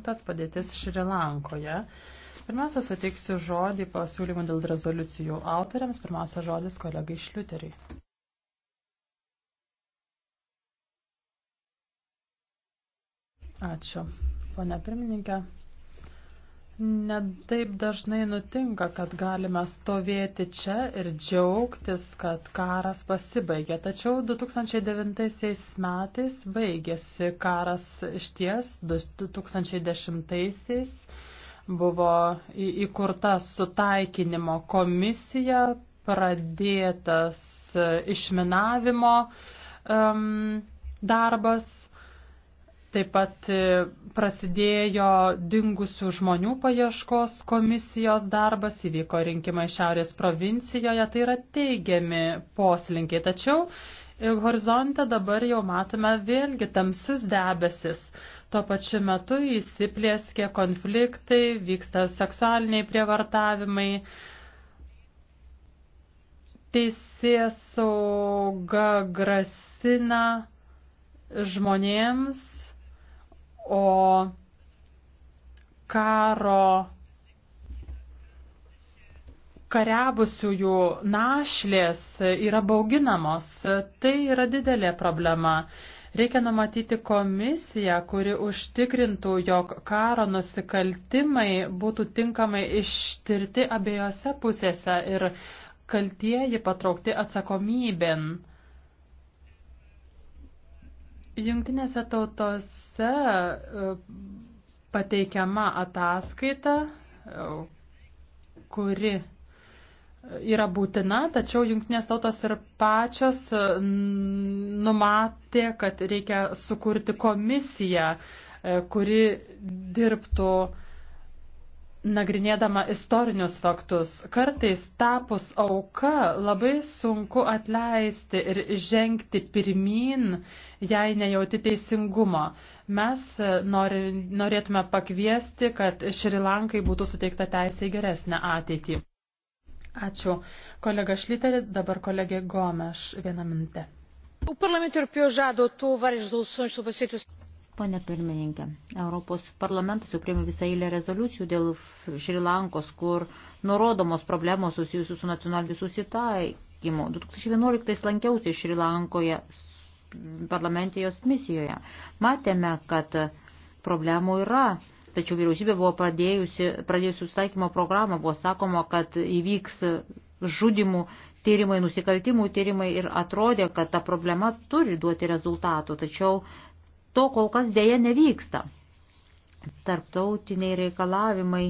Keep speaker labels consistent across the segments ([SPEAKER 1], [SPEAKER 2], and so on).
[SPEAKER 1] punktas padėtis Šri Lankoje. Pirmiausia, suteiksiu žodį pasiūlymų dėl rezoliucijų autoriams. Pirmiausia, žodis kolegai Šliuteriai. Ačiū. Pone pirmininkė. Nedaip dažnai nutinka, kad galime stovėti čia ir džiaugtis, kad karas pasibaigė. Tačiau 2009 metais baigėsi karas išties, 2010 buvo įkurta sutaikinimo komisija, pradėtas išminavimo um, darbas. Taip pat e, prasidėjo dingusių žmonių paieškos komisijos darbas, įvyko rinkimai Šiaurės provincijoje, tai yra teigiami poslinkiai. Tačiau e, horizonte dabar jau matome vėlgi tamsius debesis. Tuo pačiu metu įsiplėskė konfliktai, vyksta seksualiniai prievartavimai. Teisės sauga grasina žmonėms o karo kariavusiųjų našlės yra bauginamos. Tai yra didelė problema. Reikia numatyti komisiją, kuri užtikrintų, jog karo nusikaltimai būtų tinkamai ištirti abiejose pusėse ir kaltieji patraukti atsakomybėn. Jungtinėse tautos juose e, pateikiama ataskaita, e, kuri yra būtina, tačiau jungtinės tautos ir pačios e, numatė, kad reikia sukurti komisiją, kuri dirbtų nagrinėdama istorinius faktus, kartais tapus auka labai sunku atleisti ir žengti pirmin, jei nejauti teisingumo. Mes e, nori, norėtume pakviesti, kad Šrilankai būtų suteikta teisė į geresnę ateitį. Ačiū. Kolega Šliterį, dabar kolegė Gomeš, vieną minutę.
[SPEAKER 2] O
[SPEAKER 3] Parlamento Europeu já adotou várias resoluções sobre a situação. Pone pirmininkė, Europos parlamentas jau priėmė visą eilę rezoliucijų dėl Šrilankos, kur nurodomos problemos susijusius su nacionaliniu susitaikymu. 2011 lankiausi Šrilankoje parlamentijos misijoje. Matėme, kad problemų yra. Tačiau vyriausybė buvo pradėjusi, pradėjusi sustaikymo programą, buvo sakoma, kad įvyks žudimų tyrimai, nusikaltimų tyrimai ir atrodė, kad ta problema turi duoti rezultatų. Tačiau to kol kas dėja nevyksta. Tarptautiniai reikalavimai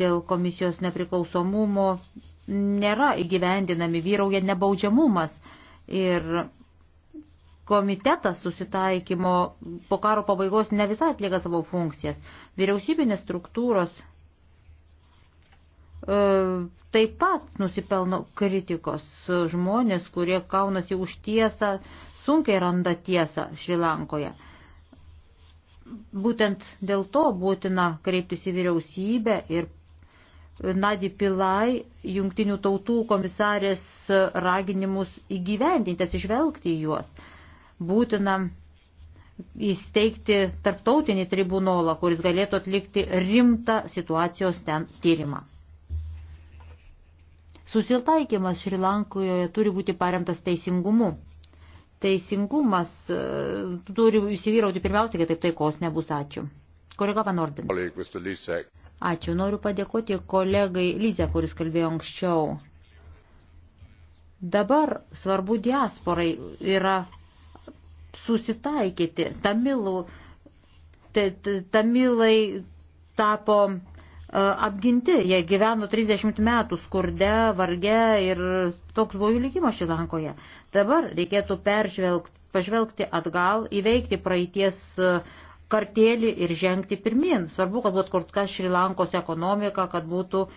[SPEAKER 3] dėl komisijos nepriklausomumo nėra įgyvendinami, vyrauja nebaudžiamumas ir komitetas susitaikymo po karo pabaigos ne visai atlieka savo funkcijas. Vyriausybinės struktūros e, taip pat nusipelno kritikos. Žmonės, kurie kaunasi už tiesą, sunkiai randa tiesą Šrilankoje būtent dėl to būtina kreiptis į vyriausybę ir Nadi Pilai jungtinių tautų komisarės raginimus įgyvendinti, atsižvelgti į juos. Būtina įsteigti tarptautinį tribunolą, kuris galėtų atlikti rimtą situacijos ten tyrimą. Susitaikymas Šrilankoje turi būti paremtas teisingumu teisingumas e, turi įsivyrauti pirmiausia, kitaip taikos nebus. Ačiū. Kolega Van Orden. Ačiū. Noriu padėkoti kolegai Lyze, kuris kalbėjo anksčiau. Dabar svarbu diasporai yra susitaikyti. Tamilų, te, te, tamilai tapo E, apginti. Jie gyveno 30 metų skurde, varge ir toks buvo jų likimas Šilankoje. Dabar reikėtų peržvelgti, pažvelgti atgal, įveikti praeities e, kartėlį ir žengti pirmin. Svarbu, kad būtų kurtka Šrilankos ekonomika, kad būtų e,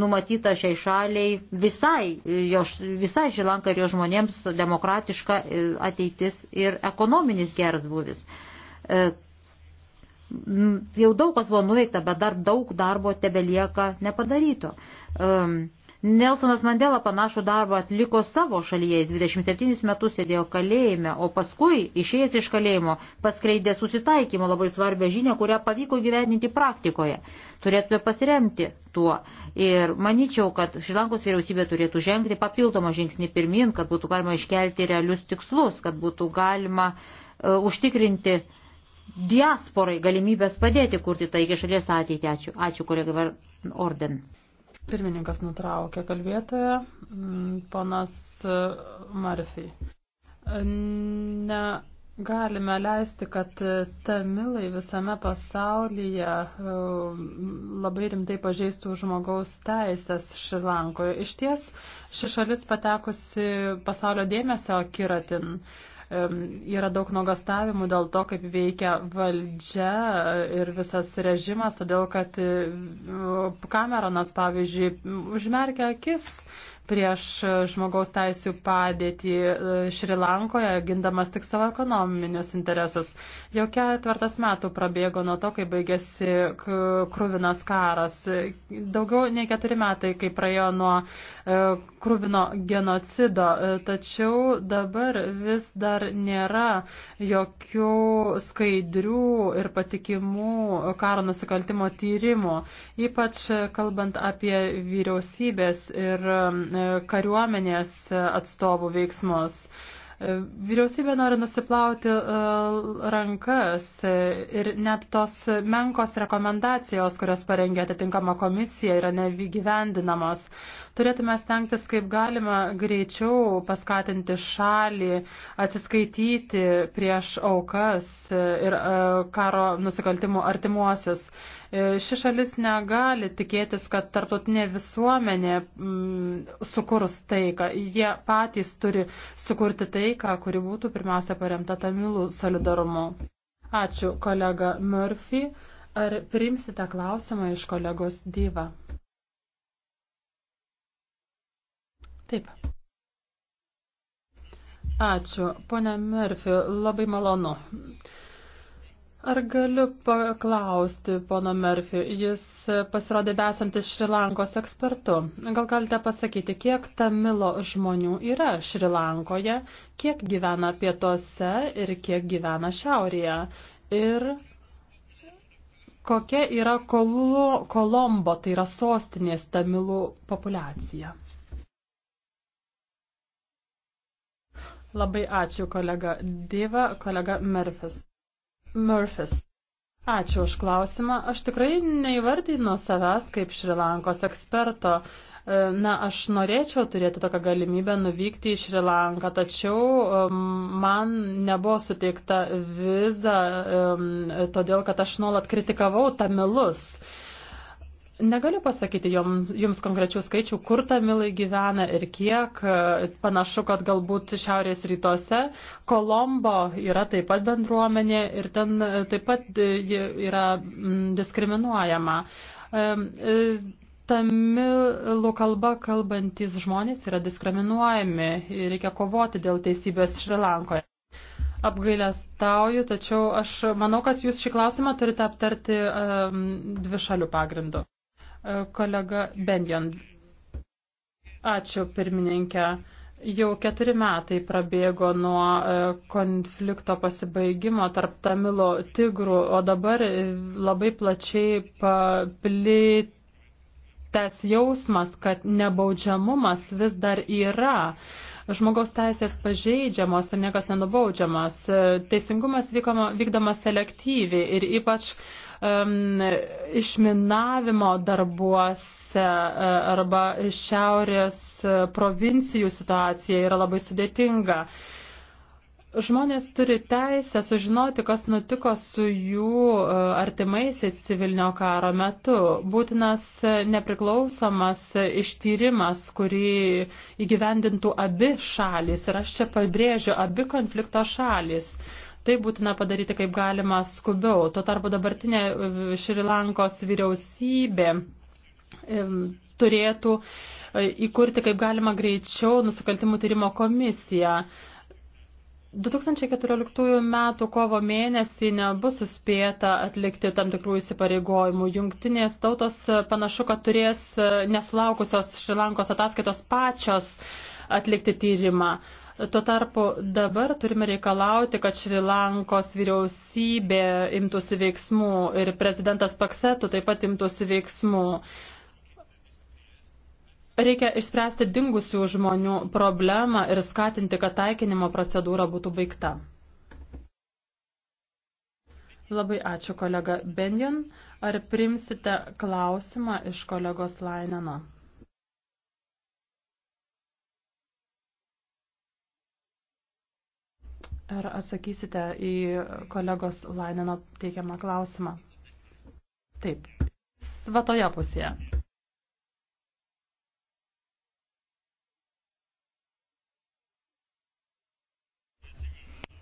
[SPEAKER 3] numatyta šiai šaliai visai, jo, visai Šrilanka ir jo žmonėms demokratiška ateitis ir ekonominis geras buvis. Jau daug kas buvo nuveikta, bet dar daug darbo tebelieka nepadaryto. Um, Nelsonas Mandela panašų darbą atliko savo šalyje, jis 27 metus sėdėjo kalėjime, o paskui, išėjęs iš kalėjimo, paskleidė susitaikymo labai svarbę žinę, kurią pavyko gyveninti praktikoje. Turėtume pasiremti tuo. Ir manyčiau, kad Šilankos vyriausybė turėtų žengti papildomą žingsnį pirmin, kad būtų galima iškelti realius tikslus, kad būtų galima uh, užtikrinti uh, diasporai galimybės padėti kurti taigi šalies ateitį. Ačiū, ačiū kolega Orden. Pirmininkas nutraukė
[SPEAKER 1] kalbėtoją, mm, ponas e, Murphy. E, ne, Galime leisti, kad tamilai visame pasaulyje e, labai rimtai pažeistų žmogaus teisės Šrilankoje. Iš ties, ši šalis patekusi pasaulio dėmesio kiratin. Uh, Yra daug nuogastavimų dėl to, kaip veikia valdžia e, ir visas režimas, todėl kad e, Kameronas, pavyzdžiui, užmerkia akis prieš e, žmogaus teisų padėtį e, Šrilankoje, gindamas tik savo ekonominius interesus. Jau ketvirtas metų prabėgo nuo to, kai baigėsi krūvinas karas. Daugiau nei keturi metai, kai praėjo nuo e, krūvino genocido, tačiau dabar vis dar nėra jokių skaidrių ir patikimų karo nusikaltimo tyrimų, ypač kalbant apie vyriausybės ir E, kariuomenės atstovų veiksmus. E, vyriausybė nori nusiplauti e, rankas ir net tos menkos rekomendacijos, kurios parengė atitinkama komisija, yra nevygyvendinamos. Turėtume stengtis kaip galima greičiau paskatinti šalį atsiskaityti prieš aukas ir e, karo nusikaltimų artimuosius. E, ši šalis negali tikėtis, kad tarptautinė visuomenė mm, sukurs taiką. Jie patys turi sukurti taiką, kuri būtų pirmiausia paremta tamilų solidarumu. Ačiū kolega Murphy. Ar priimsite klausimą iš kolegos Dyva? Taip. Ačiū. Pone Murphy, labai malonu. Ar galiu paklausti, pono Murphy, jis pasirodė besantis Šrilankos ekspertu. Gal galite pasakyti, kiek tamilo žmonių yra Šrilankoje, kiek gyvena pietuose ir kiek gyvena šiaurėje? Ir kokia yra Kolombo, tai yra sostinės tamilų populiacija? Labai ačiū kolega Dieva, kolega Murphys. Murphys. Ačiū už klausimą. Aš tikrai neįvardinu savęs kaip Šrilankos eksperto. E, na, aš norėčiau turėti tokią galimybę nuvykti į Šrilanką, tačiau e, man nebuvo suteikta viza, e, todėl kad aš nuolat kritikavau tamilus. milus. Negaliu pasakyti jums, jums konkrečių skaičių, kur tamilai gyvena ir kiek. Panašu, kad galbūt šiaurės rytuose Kolombo yra taip pat bendruomenė ir ten taip pat e, yra mm, diskriminuojama. E, e, Tamilų kalba kalbantis žmonės yra diskriminuojami ir reikia kovoti dėl teisybės Šrilankoje. Apgailestauju, tačiau aš manau, kad jūs šį klausimą turite aptarti um, dvi šalių pagrindu kolega Benjon. Ačiū, pirmininkė. Jau keturi metai prabėgo nuo e, konflikto pasibaigimo tarp Tamilo tigrų, o dabar e, labai plačiai paplitęs jausmas, kad nebaudžiamumas vis dar yra žmogaus teisės pažeidžiamos ir niekas nenubaudžiamas. E, teisingumas vykoma, vykdomas selektyviai ir ypač um, išminavimo darbuose uh, arba šiaurės uh, provincijų situacija yra labai sudėtinga. Žmonės turi teisę sužinoti, kas nutiko su jų uh, artimaisiais civilinio karo metu. Būtinas nepriklausomas ištyrimas, kurį įgyvendintų abi šalis. Ir aš čia pabrėžiu abi konflikto šalis. Tai būtina padaryti kaip galima skubiau. Tuo tarpu dabartinė e, Šrilankos vyriausybė e, turėtų e, įkurti kaip galima greičiau nusikaltimų tyrimo komisiją. 2014 m. kovo mėnesį nebus suspėta atlikti tam tikrų įsipareigojimų. Jungtinės tautos panašu, kad turės nesulaukusios Šrilankos ataskaitos pačios atlikti tyrimą. Uh, Tuo tarpu dabar turime reikalauti, kad Šrilankos vyriausybė imtųsi veiksmų ir prezidentas Paksetų taip pat imtųsi veiksmų. Reikia išspręsti dingusių žmonių problemą ir skatinti, kad taikinimo procedūra būtų baigta. Labai ačiū kolega Benjan. Ar primsite klausimą iš kolegos Laineno? Ar atsakysite į kolegos Lainino teikiamą klausimą? Taip. Svatoje pusėje.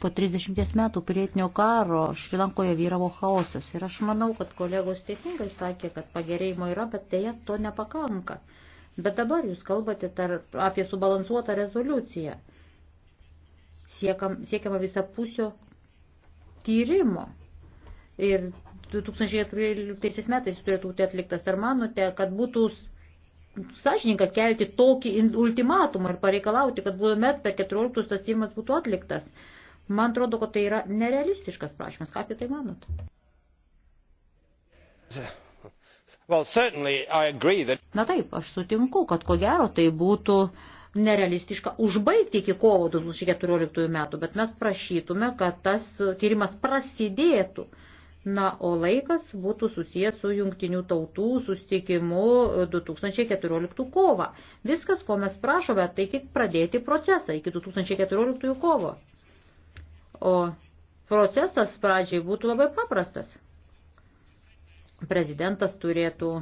[SPEAKER 3] Po 30 metų pilietinio karo Šrilankoje vyravo chaosas ir aš manau, kad kolegos teisingai sakė, kad pagerėjimo yra, bet dėja to nepakanka. Bet dabar jūs kalbate tar, apie subalansuotą rezoliuciją siekam, siekiama visapusio tyrimo. Ir 2013 metais turėtų būti atliktas. Ar manote, kad būtų sąžininkai kelti tokį ultimatumą ir pareikalauti, kad būtų met per 14 tas tyrimas būtų atliktas? Man atrodo, kad tai yra nerealistiškas prašymas. Ką apie tai manot?
[SPEAKER 2] Well, that...
[SPEAKER 3] Na taip, aš sutinku, kad ko gero tai būtų uh, nerealistiška užbaigti iki kovo 2014 metų, bet mes prašytume, kad tas tyrimas prasidėtų. Na, o laikas būtų susijęs su jungtinių tautų sustikimu 2014 kovą. Viskas, ko mes prašome, tai tik pradėti procesą iki 2014 kovo. O procesas pradžiai būtų labai paprastas. Prezidentas turėtų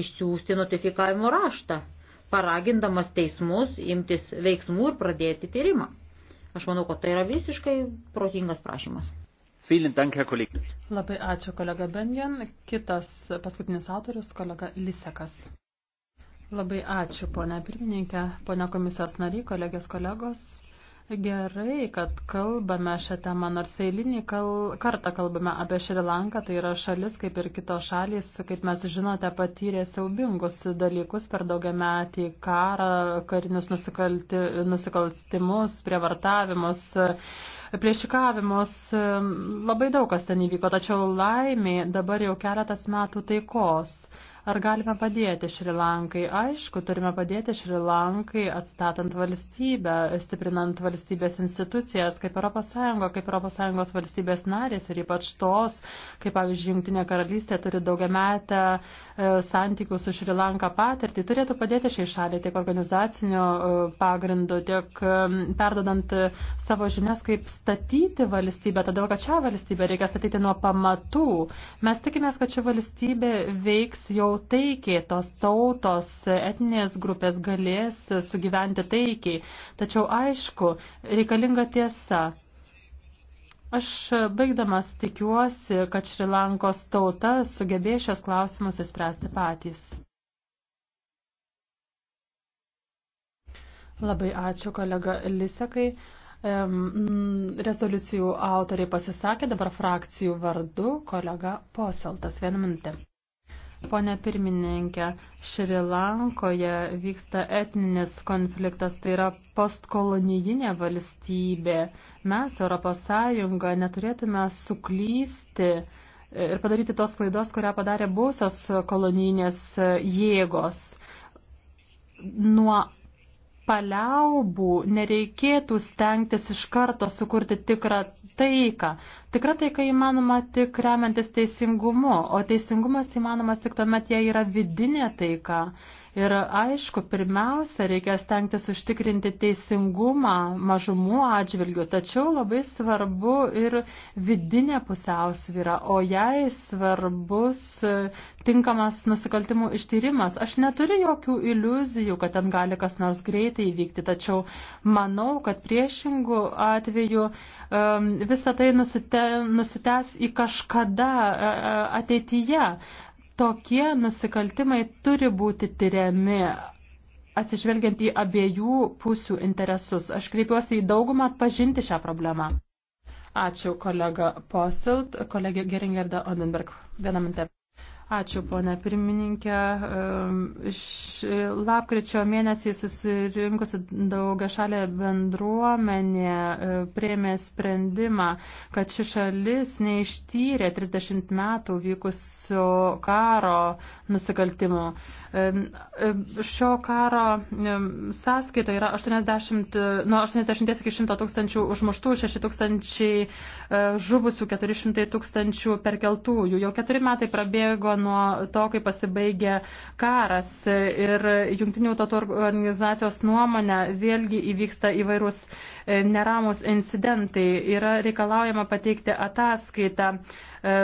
[SPEAKER 3] išsiųsti notifikavimo raštą paragindamas teismus imtis veiksmų ir pradėti tyrimą. Aš manau, kad tai yra visiškai protingas prašymas. Labai ačiū kolega Bengen. Kitas
[SPEAKER 1] paskutinis autorius, kolega Lisekas. Labai ačiū, ponia pirmininkė, ponia komisijos nariai, kolegės kolegos. Gerai, kad kalbame šią temą, nors eilinį kal... kartą kalbame apie Šri Lanką, tai yra šalis, kaip ir kitos šalys, kaip mes žinote, patyrė siaubingus dalykus per daugiametį karą, karinius nusikalti... nusikaltimus, prievartavimus plėšikavimus, labai daug kas ten įvyko, tačiau laimė dabar jau keletas metų taikos. Ar galime padėti Šrilankai? Aišku, turime padėti Šrilankai atstatant valstybę, stiprinant valstybės institucijas, kaip ES, kaip ES valstybės narės ir ypač tos, kaip pavyzdžiui, Junktinė karalystė turi daugiametę e, santykių su Šrilanka patirtį, turėtų padėti šiai šaliai tiek organizaciniu e, pagrindu, tiek e, perdodant savo žinias, kaip statyti valstybę, todėl kad šią valstybę reikia statyti nuo pamatų. Mes tikimės, kad ši valstybė veiks jau taikiai, tos tautos, etinės grupės galės sugyventi taikiai. Tačiau aišku, reikalinga tiesa. Aš baigdamas tikiuosi, kad Šrilankos tauta sugebės šios klausimus įspręsti patys. Labai ačiū kolega Lisekai. Mm, rezoliucijų autoriai pasisakė, dabar frakcijų vardu kolega Poseltas. Vieną minutę. Pone pirmininkė, Šrilankoje vyksta etninis konfliktas, tai yra postkolonijinė valstybė. Mes, ES, neturėtume suklysti ir padaryti tos klaidos, kurią padarė būsios kolonijinės jėgos. Nuo paliaubų nereikėtų stengtis iš karto sukurti tikrą taiką. Tikra taika įmanoma tik remiantis teisingumu, o teisingumas įmanomas tik tuomet, jei yra vidinė taika. Ir aišku, pirmiausia, reikia stengtis užtikrinti teisingumą mažumų atžvilgių, tačiau labai svarbu ir vidinė pusiausvyra, o jai svarbus tinkamas nusikaltimų ištyrimas. Aš neturiu jokių iliuzijų, kad ten gali kas nors greitai įvykti, tačiau manau, kad priešingų atveju um, visą tai nusite, nusitęs į kažkada uh, ateityje. Tokie nusikaltimai turi būti tyriami atsižvelgiant į abiejų pusių interesus. Aš kreipiuosi į daugumą atpažinti šią problemą. Ačiū kolega Posilt, kolegė Geringerda Odenberg. Vieną mintę. Ačiū, ponė pirmininkė. Lapkričio mėnesį susirinkusi daugia šalė bendruomenė e, prieimė sprendimą, kad ši šalis neištyrė 30 metų vykusio karo nusikaltimų. E, šio karo sąskaita yra 80, nuo 80 iki 100 tūkstančių užmuštų, 6 tūkstančiai e, žuvusių, 400 tūkstančių perkeltųjų. Jau keturi metai prabėgo nuo to, kai pasibaigė karas. Ir jungtinių tautų organizacijos nuomonė vėlgi įvyksta įvairūs e, neramus incidentai. Yra reikalaujama pateikti ataskaitą e,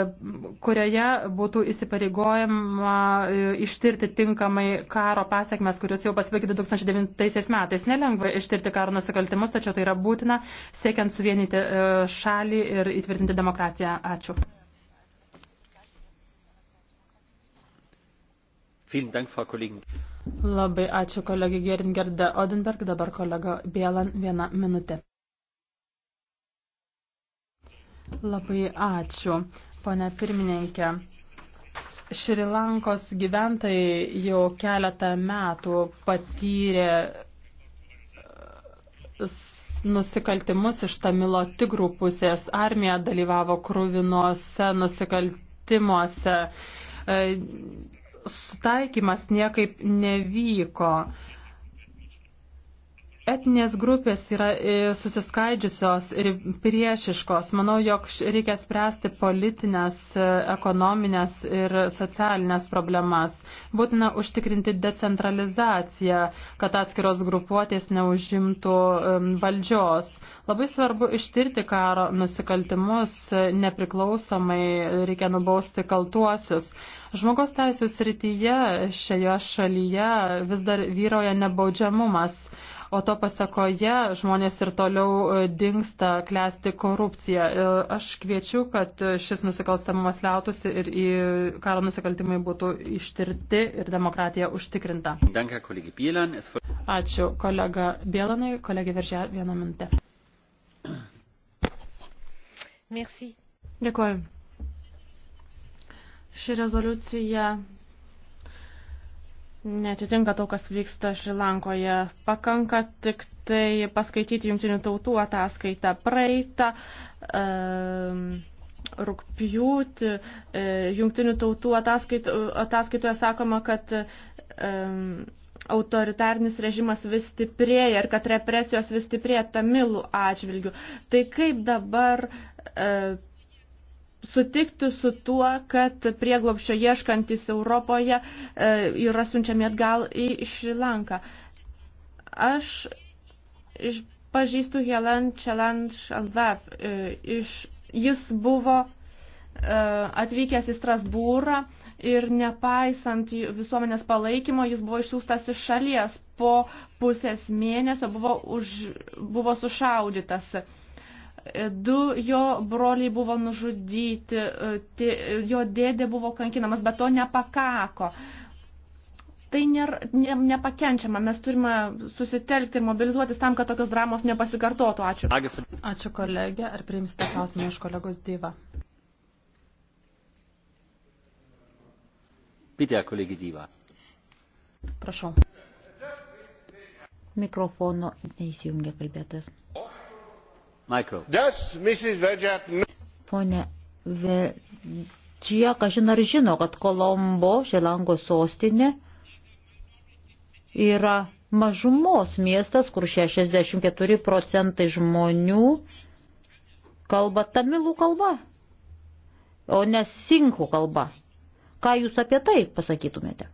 [SPEAKER 1] kurioje būtų įsipareigojama e, ištirti tinkamai karo pasiekmes, kurios jau pasibaigė 2009 metais. Nelengva ištirti karo nusikaltimus, tačiau tai yra būtina siekiant suvienyti šalį ir įtvirtinti demokratiją. Ačiū. Labai ačiū kolegai Geringerde Odenberg, dabar kolega Bielan vieną minutę. Labai ačiū, ponė pirmininkė. Šrilankos gyventojai jau keletą metų patyrė uh, nusikaltimus iš Tamilo tigrų pusės. Armija dalyvavo krūvinuose nusikaltimuose uh, sutaikymas niekaip nevyko. Etinės grupės yra e, susiskaidžiusios ir priešiškos. Manau, jog reikia spręsti politinės, e, ekonominės ir socialinės problemas. Būtina užtikrinti decentralizaciją, kad atskiros grupuotės neužimtų e, valdžios. Labai svarbu ištirti karo nusikaltimus nepriklausomai, reikia nubausti kaltuosius. Žmogaus teisų srityje šioje šalyje vis dar vyroja nebaudžiamumas o to pasakoje žmonės ir toliau e, dinksta klesti korupcija. E, aš kviečiu, kad e, šis nusikalstamumas liautųsi ir į karo nusikaltimai būtų ištirti ir demokratija užtikrinta. Ačiū kolega Bielanai, kolegė Veržė vieną minutę.
[SPEAKER 2] Merci. Dėkuoju. Ši rezoliucija netitinka to, kas vyksta Šrilankoje. Pakanka tik tai paskaityti Junktinių tautų ataskaitą praeitą. Um, ehm, Rūpjūti e, jungtinių tautų ataskait, ataskaitoje sakoma, kad um, autoritarnis režimas vis stiprėja ir kad represijos vis stiprėja tamilų atžvilgių. Tai kaip dabar e, sutikti su tuo, kad prieglopščio ieškantis Europoje e, yra siunčiami atgal į Šrilanką. Aš pažįstu Helen Challenge Alvaf. E, jis buvo e, atvykęs į Strasbūrą ir nepaisant visuomenės palaikymo, jis buvo išsiųstas iš šalies. Po pusės mėnesio buvo, už, buvo sušaudytas. Du jo broliai buvo nužudyti, e, jo dėdė buvo kankinamas, bet to nepakako. Tai nėra, ne, nepakenčiama, mes turime susitelkti ir mobilizuotis tam, kad tokios dramos nepasikartotų. Ačiū. Ačiū kolegė, ar priimsite klausimą iš kolegos Dyva?
[SPEAKER 1] Pitė, kolegė Dyva.
[SPEAKER 3] Prašau. Mikrofono neįsijungia kalbėtas. Pone Vedžia, kažin ar žino, kad Kolombo, Šelango sostinė, yra mažumos miestas, kur 64 procentai žmonių kalba tamilų kalba, o ne sinkų kalba. Ką jūs apie tai pasakytumėte?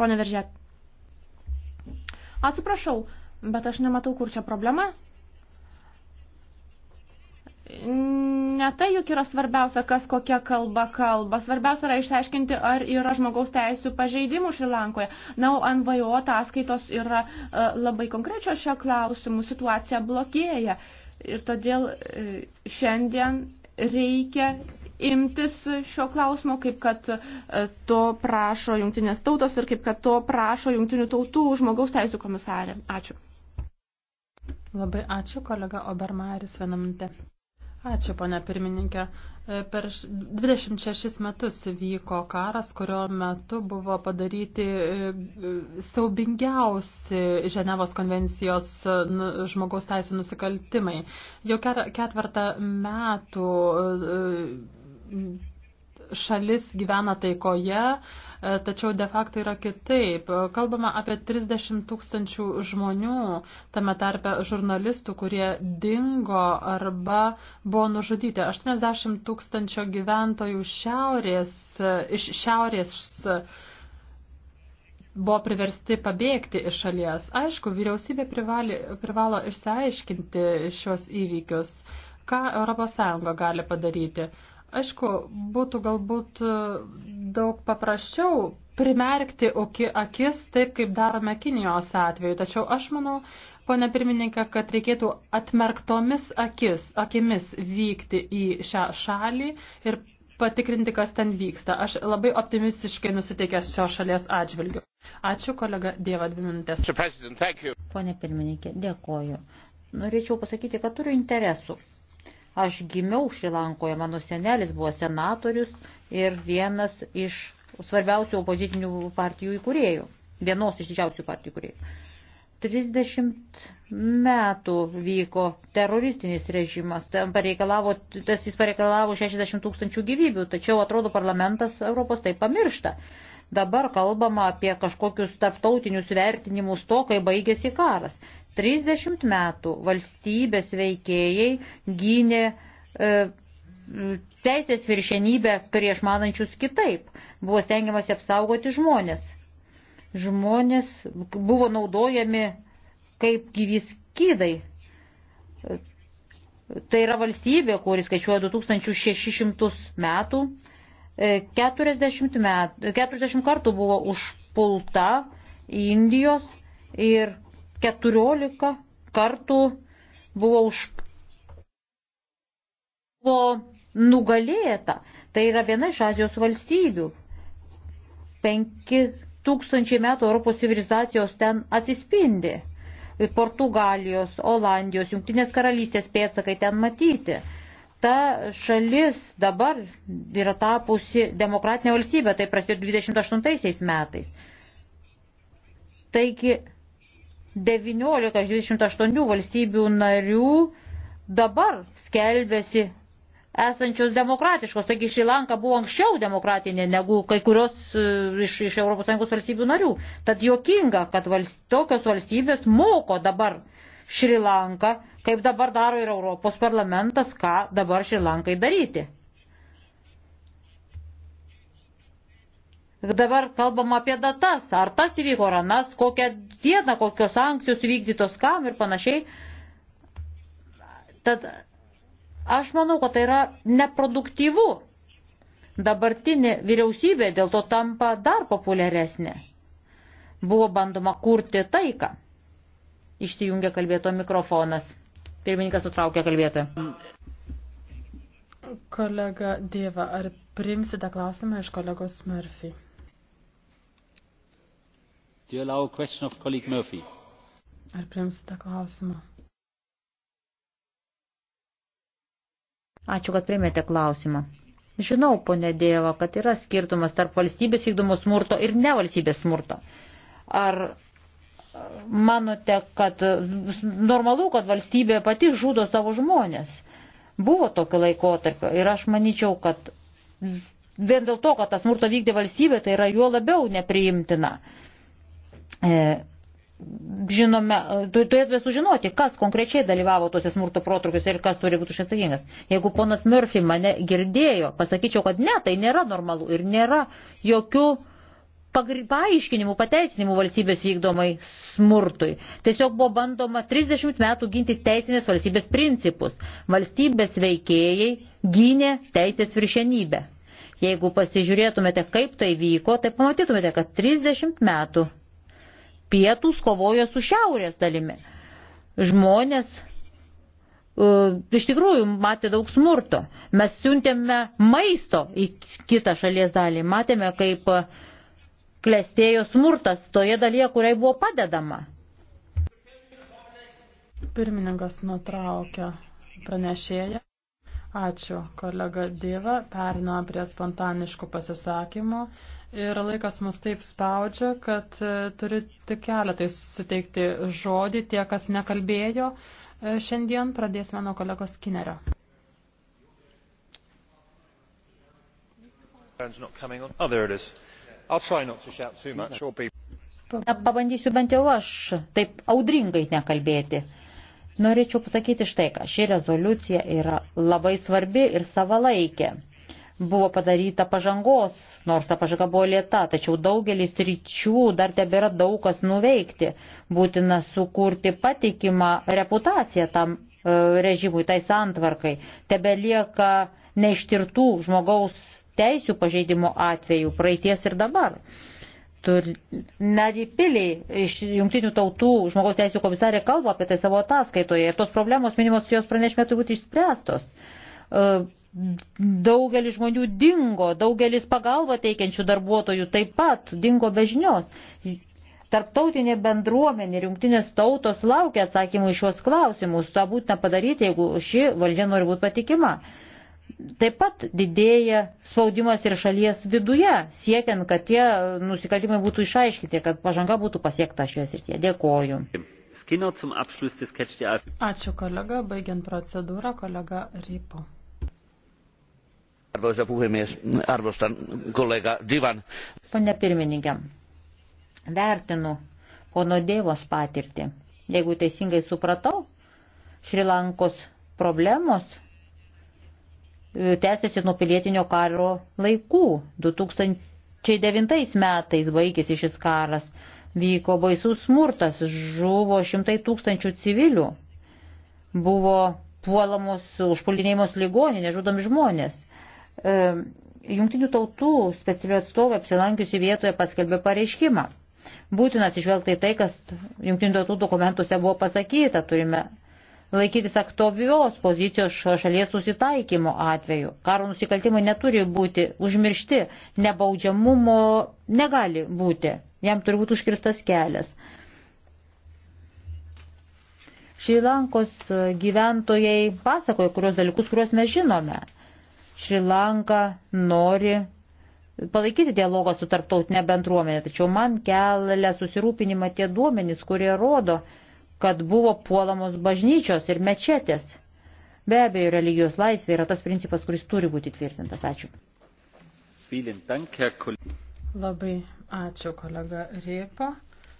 [SPEAKER 2] Pone Veržek. Atsiprašau, Bet aš nematau, kur čia problema. Ne tai juk yra svarbiausia, kas kokia kalba kalba. Svarbiausia yra išsiaiškinti, ar yra žmogaus teisų pažeidimų Šrilankoje. Na, o NVO ataskaitos yra uh, labai konkrečios šio klausimu. Situacija blokėja. Ir todėl uh, šiandien reikia imtis šio klausimo, kaip kad e, to prašo jungtinės tautos ir kaip kad to prašo jungtinių tautų žmogaus teisų komisarė. Ačiū.
[SPEAKER 1] Labai ačiū, kolega Obermaeris, vieną minutę. Ačiū, ponia pirmininkė. E, per 26 metus vyko karas, kurio metu buvo padaryti e, siaubingiausi Ženevos konvencijos e, nu, žmogaus teisų nusikaltimai. Jau ketvertą metų šalis gyvena taikoje, e, tačiau de facto yra kitaip. Kalbama apie 30 tūkstančių žmonių, tame tarpe žurnalistų, kurie dingo arba buvo nužudyti. 80 tūkstančio gyventojų šiaurės, iš šiaurės buvo priversti pabėgti iš šalies. Aišku, vyriausybė privali, privalo išsiaiškinti šios įvykius. Ką ES gali padaryti? Aišku, būtų galbūt e, daug paprasčiau primerkti akis taip, kaip darome Kinijos atveju. Tačiau aš manau, ponė pirmininkė, kad reikėtų atmerktomis akis, akimis vykti į šią šalį ir patikrinti, kas ten vyksta. Aš labai optimistiškai nusiteikęs šios šalies atžvilgiu. Ačiū, kolega Dieva, dvi minutės.
[SPEAKER 3] Pone pirmininkė, dėkoju. Norėčiau pasakyti, kad turiu interesų Aš gimiau Šrilankoje, mano senelis buvo senatorius ir vienas iš svarbiausių opozitinių partijų įkūrėjų, vienos iš didžiausių partijų įkūrėjų. 30 metų vyko teroristinis režimas, pareikalavo, tas jis pareikalavo 60 tūkstančių gyvybių, tačiau atrodo parlamentas Europos tai pamiršta. Dabar kalbama apie kažkokius tarptautinius vertinimus to, kai baigėsi karas. 30 metų valstybės veikėjai gynė e, teisės viršenybę prieš manančius kitaip. Buvo stengiamasi apsaugoti žmonės. Žmonės buvo naudojami kaip gyvys kydai. Tai yra valstybė, kuris skaičiuoja 2600 metų. 40, metų, 40 kartų buvo užpulta Indijos ir 14 kartų buvo už buvo nugalėta. Tai yra viena iš Azijos valstybių. 5000 metų Europos civilizacijos ten atsispindi. Portugalijos, Olandijos, Junktinės karalystės pėtsakai ten matyti. Ta šalis dabar yra tapusi demokratinė valstybė, tai prasidėjo 28 metais. Taigi 19 iš 28 valstybių narių dabar skelbėsi esančios demokratiškos. Taigi Šilanka buvo anksčiau demokratinė negu kai kurios e, iš, iš ES valstybių narių. Tad jokinga, kad valst, tokios valstybės moko dabar Šrilanką, kaip dabar daro ir Europos parlamentas, ką dabar Šrilankai daryti. dabar kalbam apie datas, ar tas įvyko, ar anas, kokią dieną, kokios sankcijos vykdytos kam ir panašiai. Tad aš manau, kad tai yra neproduktyvu. Dabartinė vyriausybė dėl to tampa dar populiaresnė. Buvo bandoma kurti taiką. Išsijungia kalbėto mikrofonas. Pirmininkas nutraukė kalbėtoją.
[SPEAKER 1] Kolega Dieva, ar priimsite klausimą iš kolegos Murphy? Ar
[SPEAKER 3] priimsite klausimą? Ačiū, kad primėte klausimą. Žinau, ponė Dėva, kad yra skirtumas tarp valstybės vykdomo smurto ir nevalstybės smurto. Ar manote, kad normalu, kad valstybė pati žudo savo žmonės? Buvo tokio laikotarpio ir aš manyčiau, kad vien dėl to, kad tą smurtą vykdė valstybė, tai yra juo labiau nepriimtina. E, žinome, turėtume sužinoti, kas konkrečiai dalyvavo tuose smurto protrukiuose ir kas turi būti už tai atsakingas. Jeigu ponas Murphy mane girdėjo, pasakyčiau, kad ne, tai nėra normalu ir nėra jokių paaiškinimų, pateisinimų valstybės vykdomai smurtui. Tiesiog buvo bandoma 30 metų ginti teisinės valstybės principus. Valstybės veikėjai gynė teisės viršenybę. Jeigu pasižiūrėtumėte, kaip tai vyko, tai pamatytumėte, kad 30 metų pietus kovojo su šiaurės dalimi. Žmonės uh, iš tikrųjų matė daug smurto. Mes siuntėme maisto į kitą šalies dalį. Matėme, kaip klestėjo smurtas toje dalyje, kuriai buvo padedama.
[SPEAKER 1] Pirmininkas nutraukė pranešėją. Ačiū, kolega Dieva. Perinam prie spontaniškų pasisakymų. Ir laikas mus taip spaudžia, kad e, turiu tik keletai suteikti žodį tie, kas nekalbėjo. E, šiandien pradėsime nuo kolegos Kinerio.
[SPEAKER 3] Oh, pabandysiu bent jau aš taip audringai nekalbėti. Norėčiau pasakyti štai ką. Ši rezoliucija yra labai svarbi ir savalaikė buvo padaryta pažangos, nors ta pažanga buvo lieta, tačiau daugelis ryčių dar tebėra daug kas nuveikti. Būtina sukurti patikimą reputaciją tam e, režimui, tai santvarkai. Tebelieka neištirtų žmogaus teisių pažeidimo atvejų praeities ir dabar. Nadi Piliai iš Junktinių tautų žmogaus teisų komisarė kalba apie tai savo ataskaitoje ir tos problemos minimos jos pranešime turi būti išspręstos. E, daugelis žmonių dingo, daugelis pagalbą teikiančių darbuotojų taip pat dingo be žinios. Tarptautinė bendruomenė ir jungtinės tautos laukia atsakymų iš šios klausimus. Ta būtina padaryti, jeigu ši valdžia nori būti patikima. Taip pat didėja spaudimas ir šalies viduje, siekiant, kad tie nusikaltimai būtų išaiškyti ir kad pažanga būtų pasiekta šioje srityje. Dėkoju. Ačiū
[SPEAKER 1] kolega, baigiant procedūrą, kolega Rypo.
[SPEAKER 2] Arvoisa puhemies, arvostan kollega Divan.
[SPEAKER 3] Pane pirmininkė, vertinu pono Dievos patirtį. Jeigu teisingai supratau, Šrilankos problemos e, tęsiasi nuo pilietinio karo laikų. 2009 metais baigėsi šis karas, vyko baisus smurtas, žuvo šimtai tūkstančių civilių, buvo puolamos užpulinėjimos ligoninė, žudomi žmonės. E, jungtinių tautų specialių atstovų apsilankiusi vietoje paskelbė pareiškimą. Būtina atsižvelgti į tai, kas Jungtinių tautų dokumentuose buvo pasakyta. Turime laikytis aktovios pozicijos šalies susitaikymo atveju. Karo nusikaltimai neturi būti užmiršti, nebaudžiamumo negali būti, jam turi būti užkirstas kelias. Šilankos gyventojai pasakoja kurios dalykus, kuriuos mes žinome. Šrilanka nori palaikyti dialogą su tarptautinė bendruomenė, tačiau man kelia susirūpinimą tie duomenys, kurie rodo, kad buvo puolamos bažnyčios ir mečetės. Be abejo, religijos laisvė yra tas principas, kuris turi būti tvirtintas. Ačiū. Labai
[SPEAKER 1] ačiū, kolega Riepa.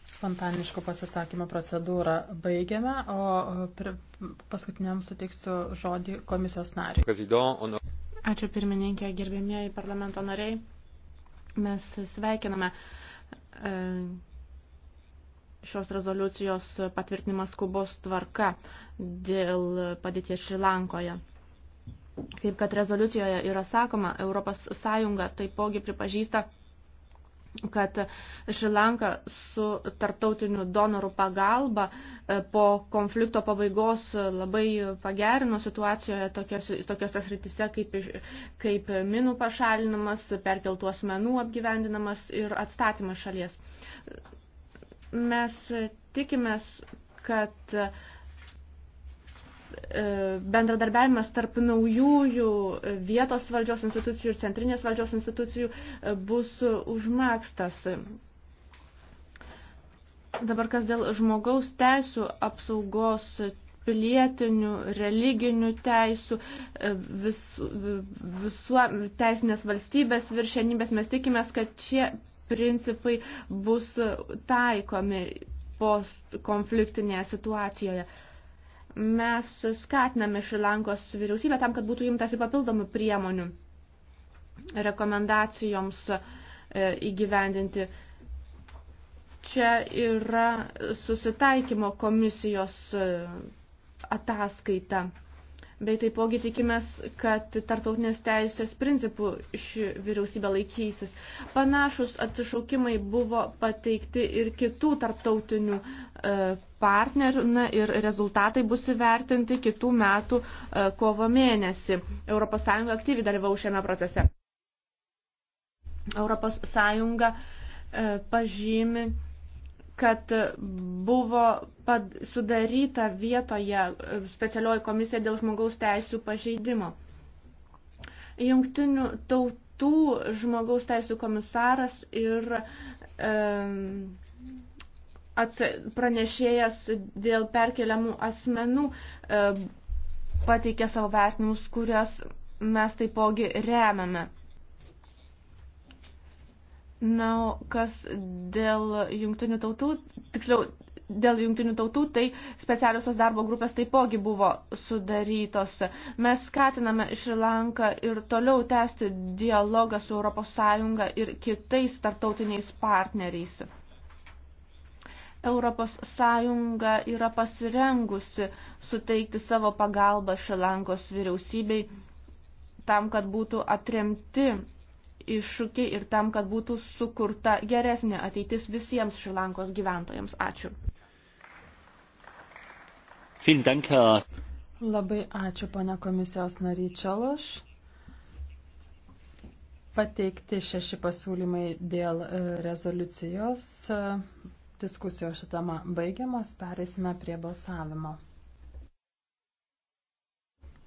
[SPEAKER 1] Spontaniško pasisakymo procedūrą baigiame, o
[SPEAKER 2] paskutiniam suteiksiu žodį komisijos nariui. Ačiū pirmininkė, gerbėmieji parlamento nariai. Mes sveikiname e, šios rezoliucijos patvirtinimas Kubos tvarka dėl padėties Šrilankoje. Kaip kad rezoliucijoje yra sakoma, ES taipogi pripažįsta kad Šrilanka su tarptautiniu donorų pagalba e, po konflikto pabaigos labai pagerino situacijoje tokiose, tokiose sritise kaip, kaip minų pašalinimas, perkeltų asmenų apgyvendinamas ir atstatymas šalies. Mes tikimės, kad E, bendradarbiavimas tarp naujųjų vietos valdžios institucijų ir centrinės valdžios institucijų e, bus užmakstas. Dabar kas dėl žmogaus teisų apsaugos pilietinių, religinių teisų, e, vis, visuo, teisinės valstybės viršenybės. Mes tikimės, kad šie principai bus taikomi postkonfliktinėje situacijoje. Mes skatiname Šilankos vyriausybę tam, kad būtų imtasi papildomų priemonių rekomendacijoms e, įgyvendinti. Čia yra susitaikymo komisijos e, ataskaita bei taipogi tikimės, kad tartautinės teisės principų ši vyriausybė laikysis. Panašus atsišaukimai buvo pateikti ir kitų tarptautinių e, partnerių na, ir rezultatai bus įvertinti kitų metų e, kovo mėnesį. ES aktyviai dalyvau šiame procese. ES e, pažymi kad buvo sudaryta vietoje e, specialioji komisija dėl žmogaus teisų pažeidimo. Jungtinių tautų žmogaus teisų komisaras ir e, atsa, pranešėjas dėl perkeliamų asmenų e, pateikė savo vertinimus, kurias mes taipogi remiame. Na, o kas dėl jungtinių tautų, tiksliau, dėl jungtinių tautų, tai specialiosios darbo grupės taipogi buvo sudarytos. Mes skatiname Šrilanką ir toliau tęsti dialogą su ES ir kitais tarptautiniais partneriais. ES yra pasirengusi suteikti savo pagalbą Šrilankos vyriausybei tam, kad būtų atremti iššūkiai ir tam, kad būtų sukurta geresnė ateitis visiems Šilankos gyventojams. Ačiū.
[SPEAKER 1] Labai ačiū, pane komisijos nary Čeloš. Pateikti šeši pasiūlymai dėl e, rezoliucijos. E, diskusijos šitama baigiamos, perėsime prie balsavimo.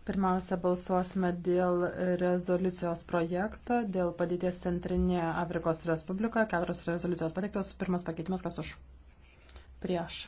[SPEAKER 1] Pirmiausia, balsuosime dėl rezoliucijos projekto, dėl padėties Centrinėje Afrikos Respublikoje. Keturios rezoliucijos pateiktos. Pirmas pakeitimas, kas už? Prieš.